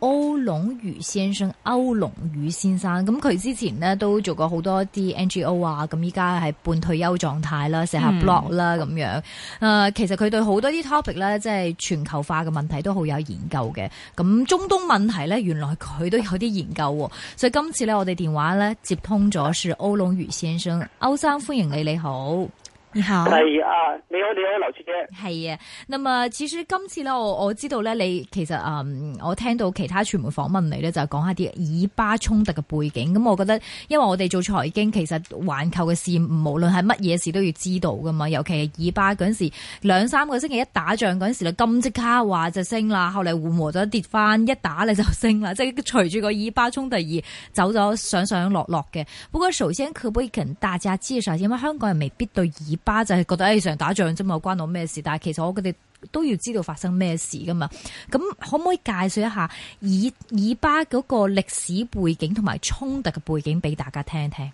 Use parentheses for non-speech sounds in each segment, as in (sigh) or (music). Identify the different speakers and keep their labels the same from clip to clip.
Speaker 1: 歐龍宇先生，歐龍宇先生，咁佢之前呢都做過好多啲 NGO 啊，咁依家係半退休狀態啦，成下 blog 啦咁樣。誒，其實佢對好多啲 topic 咧，即係全球化嘅問題都好有研究嘅。咁中東問題咧，原來佢都有啲研究。所以今次咧，我哋電話咧接通咗，是歐龍宇先生，歐生，歡迎你，你好。係啊，你好，
Speaker 2: 你好，劉
Speaker 1: 小姐。係啊，咁啊，至於今次咧，我我知道咧，你其實嗯，我聽到其他傳媒訪問你咧，就講下啲以巴衝突嘅背景。咁，我覺得因為我哋做財經，其實環球嘅事，無論係乜嘢事都要知道噶嘛。尤其係以巴嗰陣時，兩三個星期一打仗嗰陣時金即刻話就升啦，後嚟緩和咗跌翻，一打咧就升啦，即係隨住個以巴衝突而走咗上上落落嘅。不過首先，佢會跟大家介紹，因為香港人未必對以巴巴就係覺得誒，上，欸，打仗啫嘛，關我咩事？但係其實我哋都要知道發生咩事噶嘛。咁可唔可以介紹一下以以巴嗰個歷史背景同埋衝突嘅背景俾大家聽聽？
Speaker 2: 誒、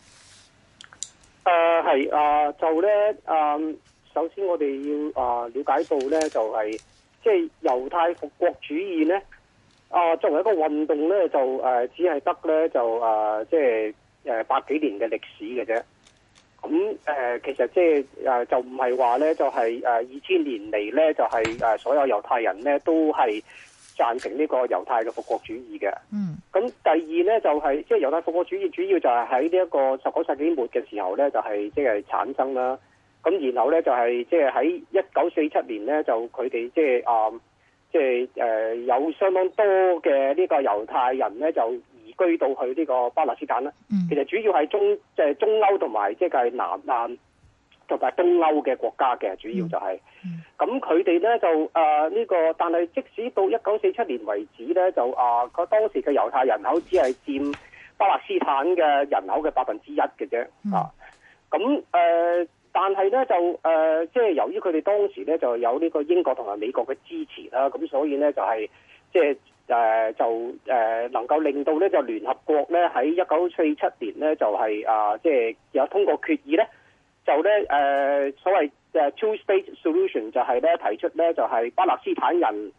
Speaker 2: 呃，係誒、呃，就咧誒、呃，首先我哋要啊、呃、了解到咧、就是，就係即係猶太復國主義咧，啊、呃、作為一個運動咧，就誒、呃、只係得咧就誒即係誒百幾年嘅歷史嘅啫。咁誒、呃，其實即係誒，就唔係話咧，就係誒二千年嚟咧，就係、係、誒、呃、所有猶太人咧都係贊成呢個猶太嘅復國主義嘅。嗯。咁第二咧就係即係猶太復國主義，主要就係喺呢一個十九世紀末嘅時候咧，就係即係產生啦。咁然後咧就係即係喺一九四七年咧，就佢哋即係啊，即係誒有相當多嘅呢個猶太人咧就居到去呢個巴勒斯坦咧、嗯，其實主要係中即係、就是、中歐同埋即係南亞同埋東歐嘅國家嘅，主要就係咁佢哋咧就誒呢、呃這個，但係即使到一九四七年為止咧，就啊個、呃、當時嘅猶太人口只係佔巴勒斯坦嘅人口嘅百分之一嘅啫啊，咁、嗯、誒、呃，但係咧就誒，即、呃、係、就是、由於佢哋當時咧就有呢個英國同埋美國嘅支持啦，咁所以咧就係即係。就是誒、呃、就誒、呃、能夠令到咧就聯合國咧喺一九四七年咧就係啊即係有通過決議咧，就咧誒、呃、所謂嘅、就是、two-state solution 就係咧提出咧就係、是、巴勒斯坦人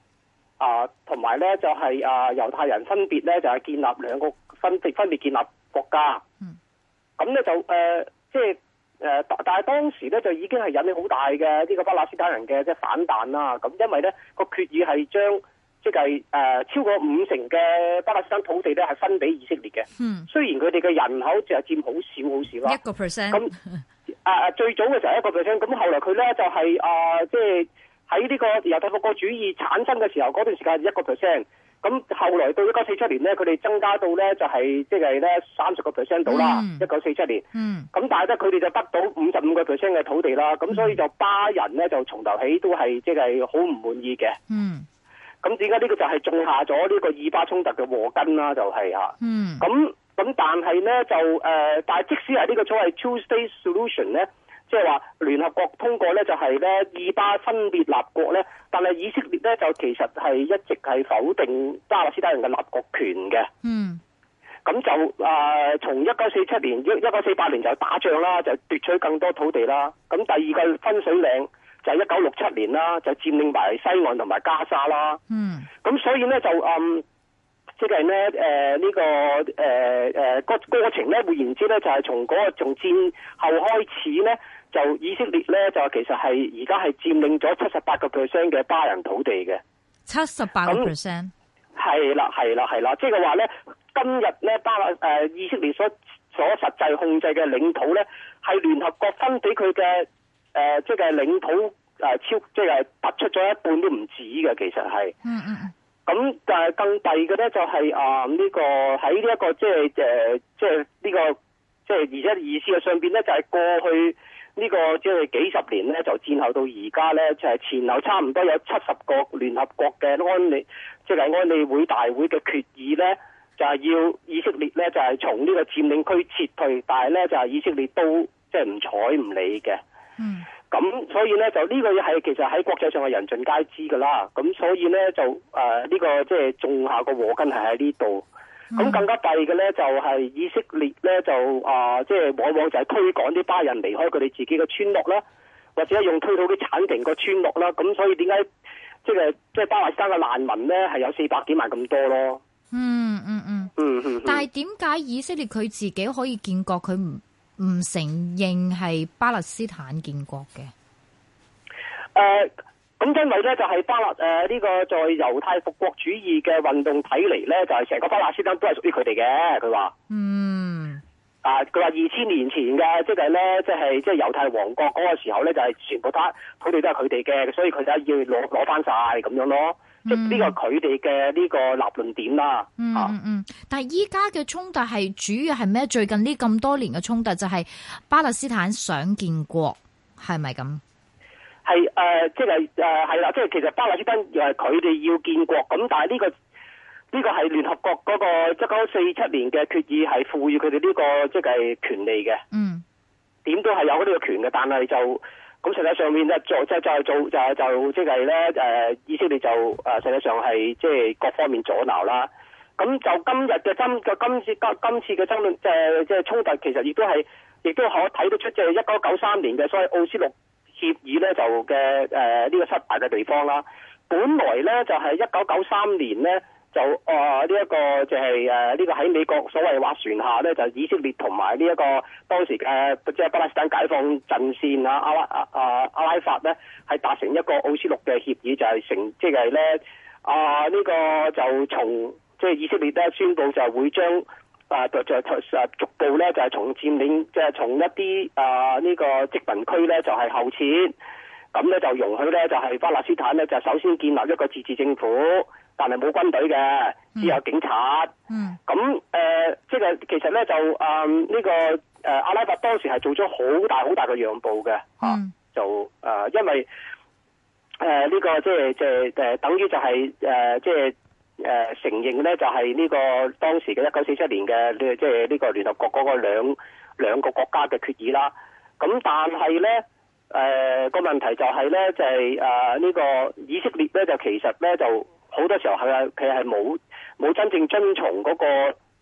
Speaker 2: 啊同埋咧就係、是、啊、呃、猶太人分別咧就係、是、建立兩個分別分別建立國家。嗯。咁咧就誒即係誒但係當時咧就已經係引起好大嘅呢、呢個巴勒斯坦人嘅即係反彈啦。咁因為咧、那個決議係將即係誒、呃，超過五成嘅巴勒斯坦土地咧係分俾以色列嘅。嗯，雖然佢哋嘅人口就佔好少好少啦，一個 percent。咁誒誒，最早嘅時候一、就是呃就是、個 percent。咁後嚟佢咧就係誒，即係喺呢個猶太復國主義產生嘅時候，嗰段時間一個 percent。咁後來到一九四七年咧，佢哋增加到咧就係即係咧三十個 percent 度啦。一九四七年。嗯。咁但係咧，佢哋就得到五十五個 percent 嘅土地啦。咁所以就巴人咧就從頭起都係即係好唔滿意嘅。嗯。咁點解呢個就係種下咗呢個以巴衝突嘅禍根啦、啊啊，就係嚇。嗯。咁咁但係呢，就誒、呃，但係即使係呢個所謂 Two-State Solution 呢，即係話聯合國通過呢，就係、是、呢以巴分別立國呢，但係以色列呢，就其實係一直係否定巴勒斯坦人嘅立國權嘅。嗯、mm.。咁就誒，從一九四七年一一九四八年就打仗啦，就是、奪取更多土地啦。咁第二個分水嶺。就係一九六七年啦，就佔領埋西岸同埋加沙啦。嗯，咁所以咧就嗯，即係咧誒呢、呃這個誒誒個過程咧，換言之咧，就係、是、從嗰、那個從戰後開始咧，就以色列咧就其實係而家係佔領咗七十八個 percent 嘅巴人土地嘅
Speaker 1: 七十八 percent。
Speaker 2: 係啦，係啦，係啦，即係話咧，今日咧巴誒、呃、以色列所所實際控制嘅領土咧，係聯合國分俾佢嘅。誒、呃，即係領土誒、呃、超，即係突出咗一半都唔止嘅，其實係。
Speaker 1: 嗯
Speaker 2: 嗯。咁但係更弊嘅咧，就係啊呢個喺呢一個即係誒、呃、即係呢、這個即係而且意思嘅上邊咧，就係、是、過去呢、這個即係幾十年咧，就戰後到而家咧，就係、是、前後差唔多有七十個聯合國嘅安理，即、就、係、是、安理會大會嘅決議咧，就係、是、要以色列咧就係從呢個佔領區撤退，但係咧就係、是、以色列都即係唔睬唔理嘅。嗯，咁、嗯、所以咧就呢、這個係其實喺國際上係人盡皆知噶啦，咁所以咧就誒呢、呃這個即係種下個禍根係喺呢度。咁、嗯、更加弊嘅咧就係、是、以色列咧就啊即係往往就係驅趕啲巴人離開佢哋自己嘅村落啦，或者係用推土機鏟平個村落啦。咁所以點解即係即係巴勒斯坦嘅難民咧係有四百幾萬咁多咯？嗯嗯嗯
Speaker 1: 嗯，嗯但係點解以色列佢自己可以建國佢唔？唔承認係巴勒斯坦建國嘅。
Speaker 2: 誒，咁因為咧就係巴勒誒呢個在猶太復國主義嘅運動睇嚟咧，就係成個巴勒斯坦都係屬於佢哋嘅。佢話，
Speaker 1: 嗯，
Speaker 2: 啊，佢話二千年前嘅，即係咩？即係即係猶太王國嗰個時候咧，就係全部他，佢哋都係佢哋嘅，所以佢就要攞攞翻晒咁樣咯。即呢個佢哋嘅呢個立論點啦，嗯嗯，嗯，但
Speaker 1: 係依家嘅衝突係主要係咩？最近呢咁多年嘅衝突就係巴勒斯坦想建國，係咪咁？
Speaker 2: 係誒、呃，即係誒，係、呃、啦，即係、呃、其實巴勒斯坦又係佢哋要建國，咁但係呢、這個呢、這個係聯合國嗰個一九四七年嘅決議係賦予佢哋呢個即係、就是、權利嘅，嗯，點都係有呢個權嘅，但係就。咁實際上面，就做就就係做就就即係咧誒，以色列就誒、就是呃、實際上係即係各方面阻撓啦。咁就今日嘅爭就今次今次嘅爭論即係衝突，其實亦都係亦都可睇得出，即係一九九三年嘅《所謂奧斯陸協議呢》咧就嘅誒呢個失敗嘅地方啦。本來咧就係一九九三年咧。就啊呢一、這個就係誒呢個喺美國所謂斡旋下咧，就以色列同埋呢一個當時誒即係巴勒斯坦解放陣線啊阿拉啊阿、啊啊、拉法咧，係達成一個奧斯陸嘅協議，就係、是、成即係咧啊呢、這個就從即係、就是、以色列咧宣布就係會將啊就就啊逐步咧就係、是、從佔領即係、就是、從一啲啊呢、這個殖民區咧就係、是、後撤，咁咧就容許咧就係、是、巴勒斯坦咧就首先建立一個自治政府。但係冇軍隊嘅，只有警察。咁、嗯嗯呃、即係其實呢，就誒呢、呃這個誒、呃、阿拉伯當時係做咗好大好大嘅讓步嘅、嗯、就誒、呃、因為誒呢、呃這個即係即係等於就係誒即係誒承認呢、這個，就係呢個當時嘅一九四七年嘅即係呢個聯合國嗰個兩,兩個國家嘅決議啦。咁、嗯、但係呢誒個、呃、問題就係呢，就係誒呢個以色列呢，就其實呢就。好多時候係啊，佢係冇冇真正遵從嗰、嗰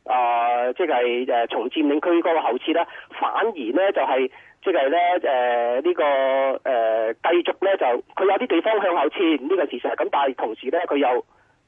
Speaker 2: 個即係誒從佔領區嗰個後撤啦，反而咧就係即係咧誒呢、呃呢個誒、呃、繼續咧就佢有啲地方向後撤呢、呢個事實係，咁但係同時咧佢又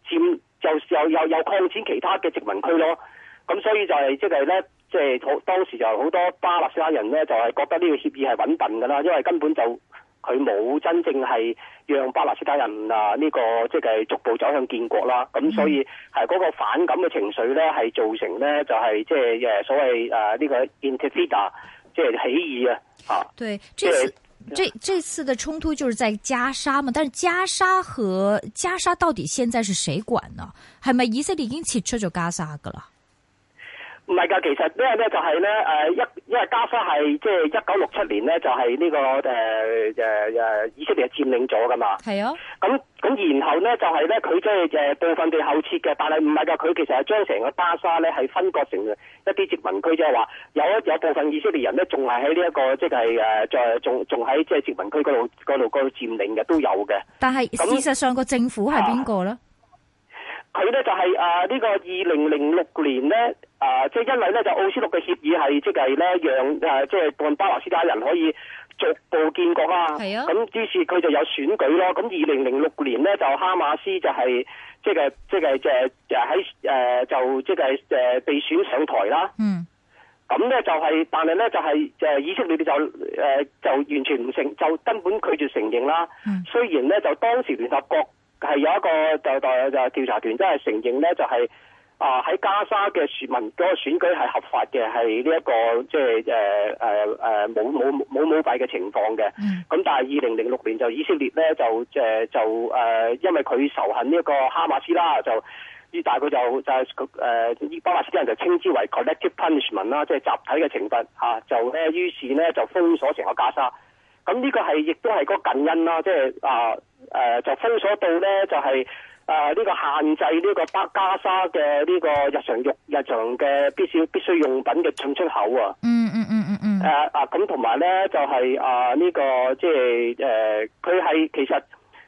Speaker 2: 佔就又又又擴展其他嘅殖民區咯，咁所以就係即係咧即係當時就好多巴勒斯坦人咧就係、係、覺得呢個協議係穩陣㗎啦，因為根本就。佢冇真正係讓巴勒斯坦人啊、這、呢個即係、就是、逐步走向建國啦，咁所以係個反感嘅情緒咧，係造成咧就係即係誒所謂誒呢個 intifada 即係起義啊嚇。對，這次這
Speaker 1: 這次的衝突就是在加沙嘛，但是加沙和加沙到底現在是誰管呢？係咪以色列已經撤走加沙噶啦？
Speaker 2: 唔係㗎，其實咧咧就係、是、咧，誒一因為加沙係即係一九六七年咧就係呢、這個誒誒誒以色列佔領咗㗎嘛。係啊，咁咁然後咧就係、是、咧，佢即係誒部分地後撤嘅，但係唔係㗎，佢其實係將成個巴沙咧係分割成一啲殖民區，即係話有有部分以色列人咧仲係喺呢一個即係誒在仲仲喺即係殖民區嗰度嗰度嗰度佔領嘅都有嘅。
Speaker 1: 但係事實上個政府係邊個咧？啊
Speaker 2: 佢咧，就係啊！呢個二零零六年咧，啊，即係因為咧，就是呢就是、奧斯陸嘅協議係即係咧，讓啊，即係半巴勒斯坦人可以逐步建國啊。係啊。咁於是佢就有選舉咯。咁二零零六年咧，就哈馬斯就係即係即係就係、是、就喺、是、誒就即係誒被選上台啦。嗯。咁咧就係、是，但係咧就係、是、誒以色列就誒就完全唔承，就根本拒絕承認啦。嗯。雖然咧，就當時聯合國，係有一個就就就調查團真係、就是、承認咧、這個，就係啊喺加沙嘅選民嗰個選舉係合法嘅，係呢一個即係誒誒誒冇冇冇舞弊嘅情況嘅。咁、mm. 但係二零零六年就以色列咧就誒就誒、呃，因為佢仇恨呢一個哈馬斯啦，就於大佢就就誒、是、伊、呃、巴馬斯啲人就稱之為 collective punishment 啦，即係集體嘅懲罰嚇、啊，就咧於是咧就封鎖成個加沙。咁呢個係亦都係個近因啦，即係啊誒，就封鎖到咧，就係啊呢個限制呢個加沙嘅呢個日常用日常嘅必須必須用品嘅進出口啊！嗯嗯嗯嗯嗯啊！咁同埋咧，就係啊呢個即係誒，佢、呃、係其實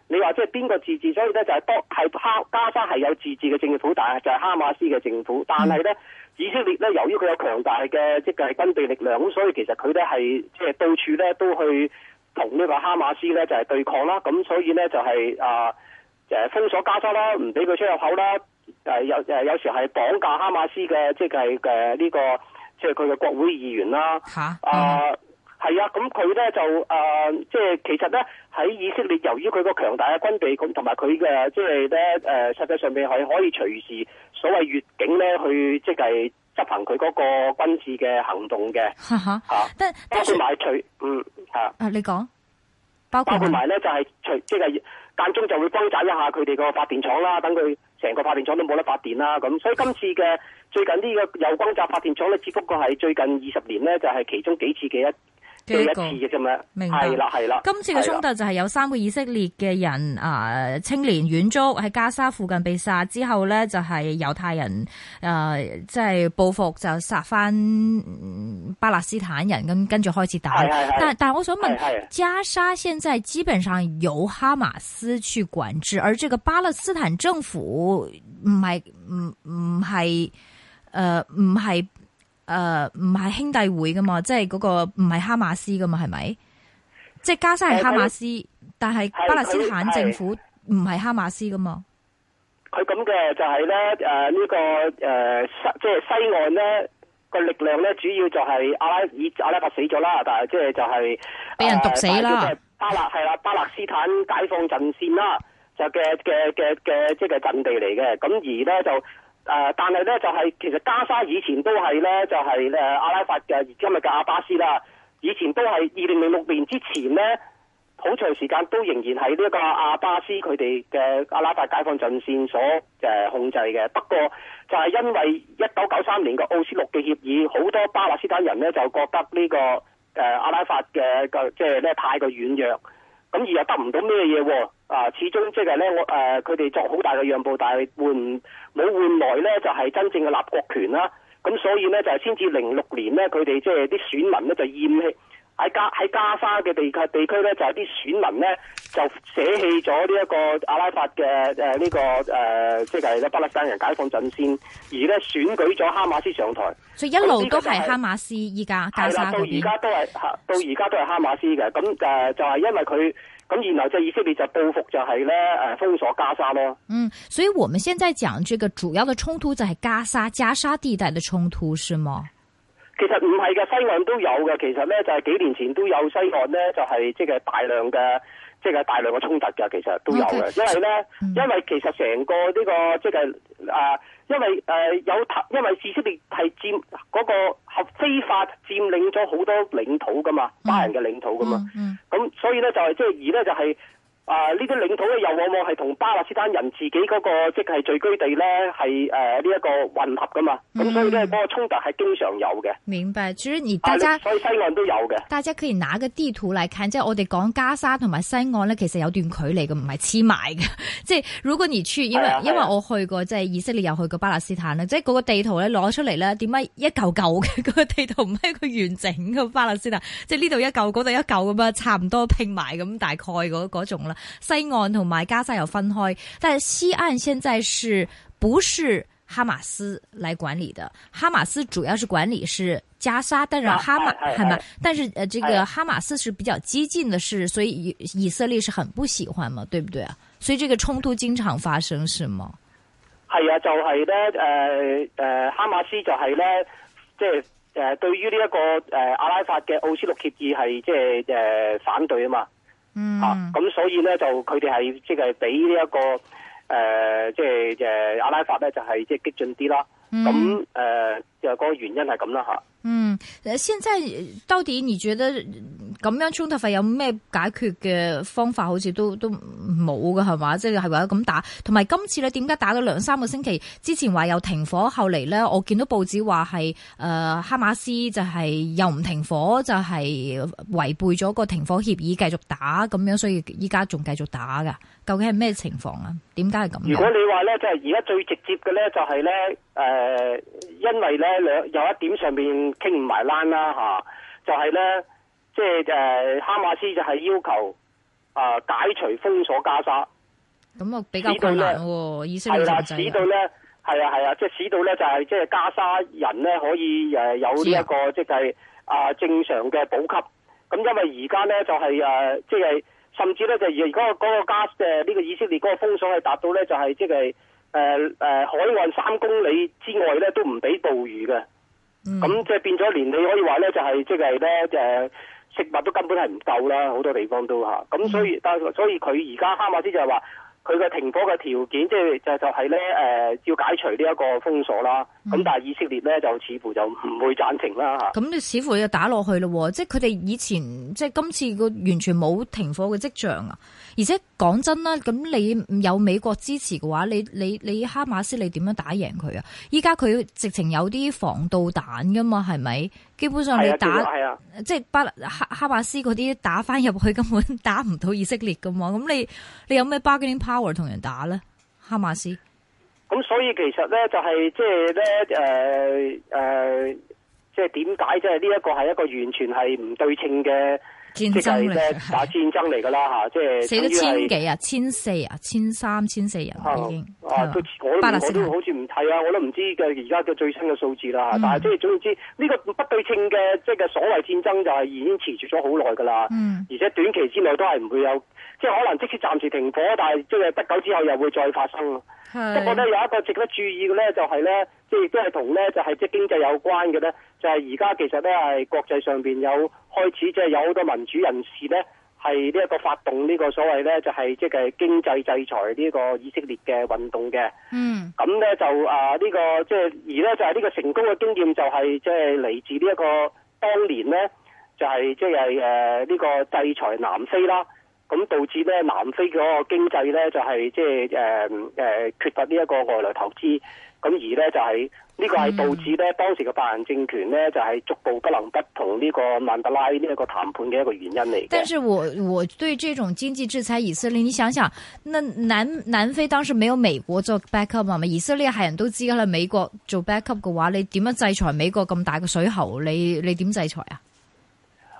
Speaker 2: 你話即係邊個自治？所以咧就係多係加沙係有自治嘅政府，但係就係哈馬斯嘅政府。但係咧、嗯，以色列咧由於佢有強大嘅即係軍隊力量，咁所以其實佢咧係即係到處咧都去。同呢個哈馬斯咧就係對抗啦，咁所以咧就係誒誒封鎖加塞啦，唔俾佢出入口啦。誒有誒有時係綁架哈馬斯嘅，即係誒呢個即係佢嘅國會議員啦。吓啊係啊，咁佢咧就誒、呃、即係其實咧喺以色列由於，由於佢個強大嘅軍備，咁同埋佢嘅即係咧誒，實際上面係可以隨時所謂越境咧去即係執行佢嗰個軍事嘅行動嘅。吓、啊，但包括買取嗯。啊！你講，包括埋、啊、咧就係、是，除即係間中就會轟炸一下佢哋個發電廠啦，等佢成個發電廠都冇得發電啦咁。所以今次嘅最近呢個又轟炸發電廠咧，只不過係最近二十年咧就係、是、其中幾次嘅一。都一次嘅啫，明唔係啦，係啦。今次嘅衝突
Speaker 1: 就係有三個以色列嘅人的啊，青年遠足喺加沙附近被殺之後呢、呃，就係猶太人啊，即係報復就殺翻、嗯、巴勒斯坦人，跟跟住開始打。是的是的，但但我想問，是的是的加沙現在基本上由哈馬斯去管制，而這個巴勒斯坦政府唔係，唔唔係誒唔係。呃唔係誒、呃，唔係兄弟會噶嘛？即係嗰個唔係哈馬斯噶嘛？係咪？即係加沙係哈馬斯，是是是但係巴勒斯坦政府唔係哈馬斯噶嘛？
Speaker 2: 佢咁嘅就係、是、咧，誒、呃、呢、這個誒、呃、西即係西岸咧個力量咧，主要就係阿拉爾阿拉法死咗啦，但係即係就係、是、俾人毒死啦。呃、巴勒係啦，巴勒斯坦解放陣線啦，就嘅嘅嘅嘅即係嘅陣地嚟嘅，咁而咧就。呃、但係咧就係、是、其實加沙以前都係咧，就係、是、阿拉法嘅而今日嘅阿巴斯啦。以前都係二零零六年之前咧，好長時間都仍然係呢個阿巴斯佢哋嘅阿拉伯解放陣線所、呃、控制嘅。不過就係因為一九九三年嘅奧斯陸嘅協議，好多巴勒斯坦人咧就覺得呢、這個、呃、阿拉法嘅嘅即係咧太過軟弱，咁而又得唔到咩嘢喎？啊，始終即係咧，我誒佢哋作好大嘅讓步，但係換冇換來咧，就係、是、真正嘅立國權啦。咁、啊嗯、所以咧，就是、先至零六年咧，佢哋即係啲選民咧就厭棄喺加喺加沙嘅地區地區咧，就係、是、啲選民咧就捨棄咗呢一個阿拉伯嘅誒呢個誒，即係巴勒斯坦人解放陣線，而咧選舉咗哈馬斯上台。就一路都係哈
Speaker 1: 馬斯依家、就是、加沙嘅。係啦，到而家都係嚇，到而家都係
Speaker 2: 哈馬斯嘅。咁誒就係因為佢。咁然後就以色列就報復，就係咧誒封鎖加沙咯。嗯，
Speaker 1: 所以我們現在講這個主要嘅衝突就係加沙，加沙地帶嘅衝突是嗎？
Speaker 2: 其實唔係嘅，西岸都有嘅。其實咧就係、是、幾年前都有西岸咧，就係即係大量嘅。即、就、係、是、大量嘅衝突嘅，其實都有嘅，okay. 因為咧，嗯、因為其實成個呢、這個即係啊，因為誒、呃、有因為以色列係佔嗰個合非法佔領咗好多領土噶嘛，巴人嘅領土噶嘛，咁、嗯嗯嗯嗯、所以咧就係即係而咧就係、是。啊、呃！呢啲領土又往往係同巴勒斯坦人自己嗰、那個即係聚居地咧係呢一、呃這個混合噶嘛，咁、嗯、所以咧嗰、那個衝突係經常有嘅。
Speaker 1: 明白，主要而大家、
Speaker 2: 啊、所以西岸都有嘅。
Speaker 1: 大家可以拿個地圖嚟看，即係我哋講加沙同埋西岸咧，其實有段距離嘅，唔係黐埋嘅。 (laughs) 即係如果你因為、啊啊、因為我去過即係以色列，又去過巴勒斯坦咧，即係嗰個地圖咧攞出嚟咧，點解一嚿嚿嘅嗰個地圖唔係一個完整嘅巴勒斯坦？即係呢度一嚿，嗰度一嚿咁樣，差唔多拼埋咁大概嗰嗰種啦。西岸同埋加沙有分開，但西岸現在是不是哈馬斯來管理的？哈馬斯主要是管理是加沙，但是哈馬哈馬、啊啊，但是誒，這個哈馬斯是比較激進的，是、啊、所以以色列是很不喜歡嘛，對不對啊？所以這個衝突經常發生，是嗎？
Speaker 2: 係啊，就係、是、咧，誒、呃、誒、呃，哈馬斯就係咧，即係誒，對於呢、這、一個誒、呃、阿拉法嘅奧斯陸協議係即係誒反對啊嘛。嗯，吓、啊，咁所以咧就佢哋係即係俾呢一個誒，即係誒阿拉伯咧就係即係激進啲啦，咁、嗯、誒、呃、就嗰個原因係咁啦吓。嗯，
Speaker 1: 誒，現在到底你覺得？咁樣衝突費有咩解決嘅方法？好似都都冇㗎，係嘛？即係係為咗咁打，同埋今次咧，點解打咗兩三個星期？之前話有停火，後嚟咧，我見到報紙話係誒哈馬斯就係又唔停火，就係、是、違背咗個停火協議，繼續打咁樣，所以依家仲繼續打㗎。究竟係咩情況啊？點解係咁？如果你
Speaker 2: 話咧，即係而家最直接嘅咧、就是，就係咧誒，因為咧兩有一點上面傾唔埋欄啦吓，就係、是、咧。即係誒，哈馬斯就係要求啊解除封鎖加沙，
Speaker 1: 咁啊比較困難啦，使到咧
Speaker 2: 係啊係啊，即係使到咧就係即係加沙人咧可以誒有一個即係啊正常嘅補給。咁因為而家咧就係誒即係甚至咧就而而家嗰個加誒呢個以色列嗰個封鎖係達到咧就係即係誒誒海岸三公里之外咧都唔俾捕魚嘅。咁即係變咗連，你可以話咧就係即係咧誒。就係呢就係食物都根本係唔夠啦，好多地方都吓咁，所以但係、嗯、所以佢而家哈馬斯就係話。佢嘅停火嘅條件，即係就就係咧，誒要解除呢一個封鎖啦。咁但係以色列咧就似乎就唔會暫停啦嚇。咁、
Speaker 1: 嗯、你似乎就打落去咯，即係佢哋以前即係今次個完全冇停火嘅跡象啊！而且講真啦，咁你有美國支持嘅話，你你你，你哈馬斯你點樣打贏佢啊？依家佢直情有啲防導彈噶嘛，係咪？基本上你打，係啊，即係巴哈哈馬斯嗰啲打翻入去，根本打唔到以色列噶嘛。咁你你有咩巴金？power 同人打咧，哈馬斯。
Speaker 2: 咁、嗯、所以其實咧、就係，就係即係咧，誒、呃、誒。呃即係點解？即係呢一個係一個完全係唔對稱嘅戰爭嚟，打戰爭嚟噶啦吓！即係死咗千幾
Speaker 1: 啊，千四啊，千三、千四人已經啊，啊，啊，都我都，我都
Speaker 2: 好似唔睇啊，我都唔知嘅而家嘅最新嘅數字啦，嗯。但係即係總之，呢，這個不對稱嘅即係所謂戰爭就係已經持續咗好耐噶啦。嗯。而且短期之內都係唔會有，即係可能即使暫時停火，但係即係不久之後又會再發生。不過咧有一個值得注意嘅咧，就係咧，即係亦都係同咧，就係即係經濟有關嘅咧，就係而家其實咧係國際上面有開始即係有好多民主人士咧，係呢一個發動呢個所謂咧，就係即係經濟制裁呢個以色列嘅運動嘅。嗯。咁咧就啊呢個即係而咧就係呢個成功嘅經驗，就係即係嚟自呢一個當年咧、啊，就係即係呢個制裁南非啦。咁導致咧南非嘅嗰個經濟咧就係即係誒誒缺乏呢一個外來投資，咁而呢，就係呢個係導致咧當時嘅白人政權呢，就係逐步不能不同呢個曼德拉呢一個談判嘅一個原因嚟。但是
Speaker 1: 我，我我對這種經濟制裁以色列，你想想，那南南非當時沒有美國做 back up 嘛？係咪？以色列係人都知㗎啦，美國做 back up 嘅話，你點樣制裁美國咁大個水喉？你你點制裁啊？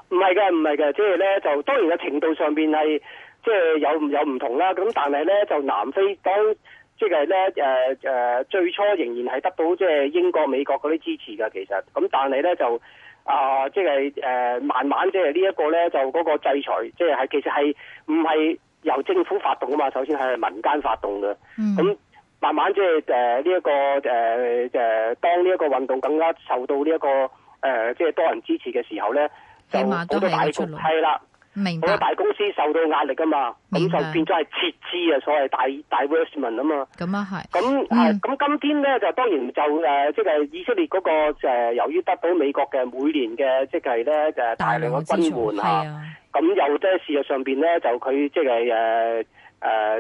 Speaker 2: 唔係嘅，唔係嘅，即係咧就，是，呢就當然嘅程度上面係即係有有唔同啦。咁但係咧就南非當即係咧誒誒，最初仍然係得到即係，就是，英國、美國嗰啲支持嘅其實。咁但係咧就啊，即係誒慢慢即係呢一個咧就嗰個制裁，即、就、係、是、其實係唔係由政府發動啊嘛。首先係民間發動嘅。咁、mm. 慢慢即係誒呢一個誒誒、呃，當呢一個運動更加受到呢、這、一個誒即係多人支持嘅時候咧。就好多大股係啦，
Speaker 1: 好多大
Speaker 2: 公司受到壓力啊嘛，咁就變咗係撤資以是啊，所謂大大 w i t e r s i o n 啊嘛。咁啊咁咁今天咧就當然就誒，即、啊就是、以色列嗰、那個、就是、由於得到美國嘅每年嘅即係咧大量嘅軍援啊，咁又喺事實上面咧就佢即係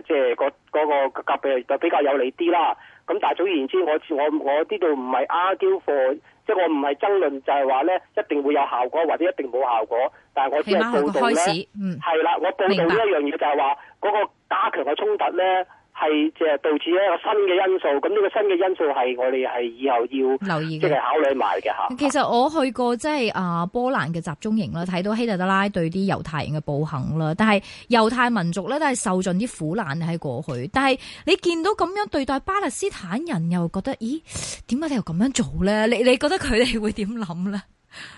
Speaker 2: 即係個嗰、那個夾比就比較有利啲啦。咁但係總言之我，我我我呢度唔係 argue 貨。即係我唔係爭論，就係話咧，一定會有效果，或者一定冇效果。但係我只係報道咧，係啦、嗯，我報道一呢一樣嘢就係話嗰個加強嘅衝突咧。係即係導致一個新嘅因素，咁呢個新
Speaker 1: 嘅因素係我哋係以後要留意嘅，即係考慮埋嘅嚇。其實我去過即係啊波蘭嘅集中營啦，睇 (laughs) 到希特德拉對啲猶太人嘅暴行啦，但係猶太民族咧都係受盡啲苦難喺過去。但係你見到咁樣對待巴勒斯坦人，又覺得咦？點解你又咁樣做咧？你你覺得佢哋會點諗咧？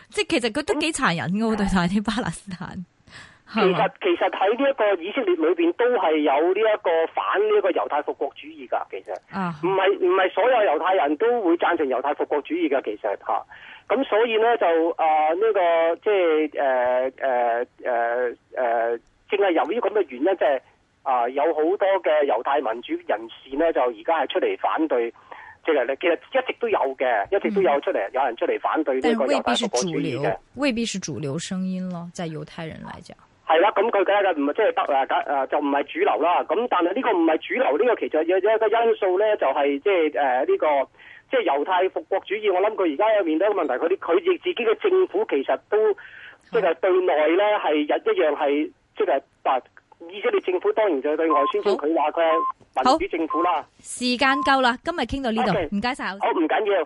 Speaker 1: 即係其實佢都幾殘忍嘅喎，對待啲巴勒斯坦。嗯.
Speaker 2: 其實其實喺呢一個以色列裏邊都係有呢一個反呢個猶太復國主義噶，其實唔係唔係所有猶太人都會贊成猶太復國主義噶，其實吓咁所以咧就啊呢、呃這個即係誒誒誒誒，正係由於咁嘅原因，即係啊有好多嘅猶太民主人士咧就而家係出嚟反對，即係咧其實一直都有嘅、嗯，一直都有出嚟，有人出嚟反對呢個猶太復國主義
Speaker 1: 嘅，未必是主流聲音咯，在猶太人
Speaker 2: 來講。係啦，咁佢梗係唔即係得啦，梗就唔係主流啦。咁但係呢個唔係主流，呢個其實有有一個因素咧，就係即係誒呢個即係猶太復國主義。我諗佢而家有面對一個問題，佢啲佢哋自己嘅政府其實都即係對內咧係一一樣係即係嗱，以色列政府當然就對外宣稱佢話佢係民主政府啦。時
Speaker 1: 間夠啦，今日傾到呢度，唔該晒，好唔
Speaker 2: 緊要。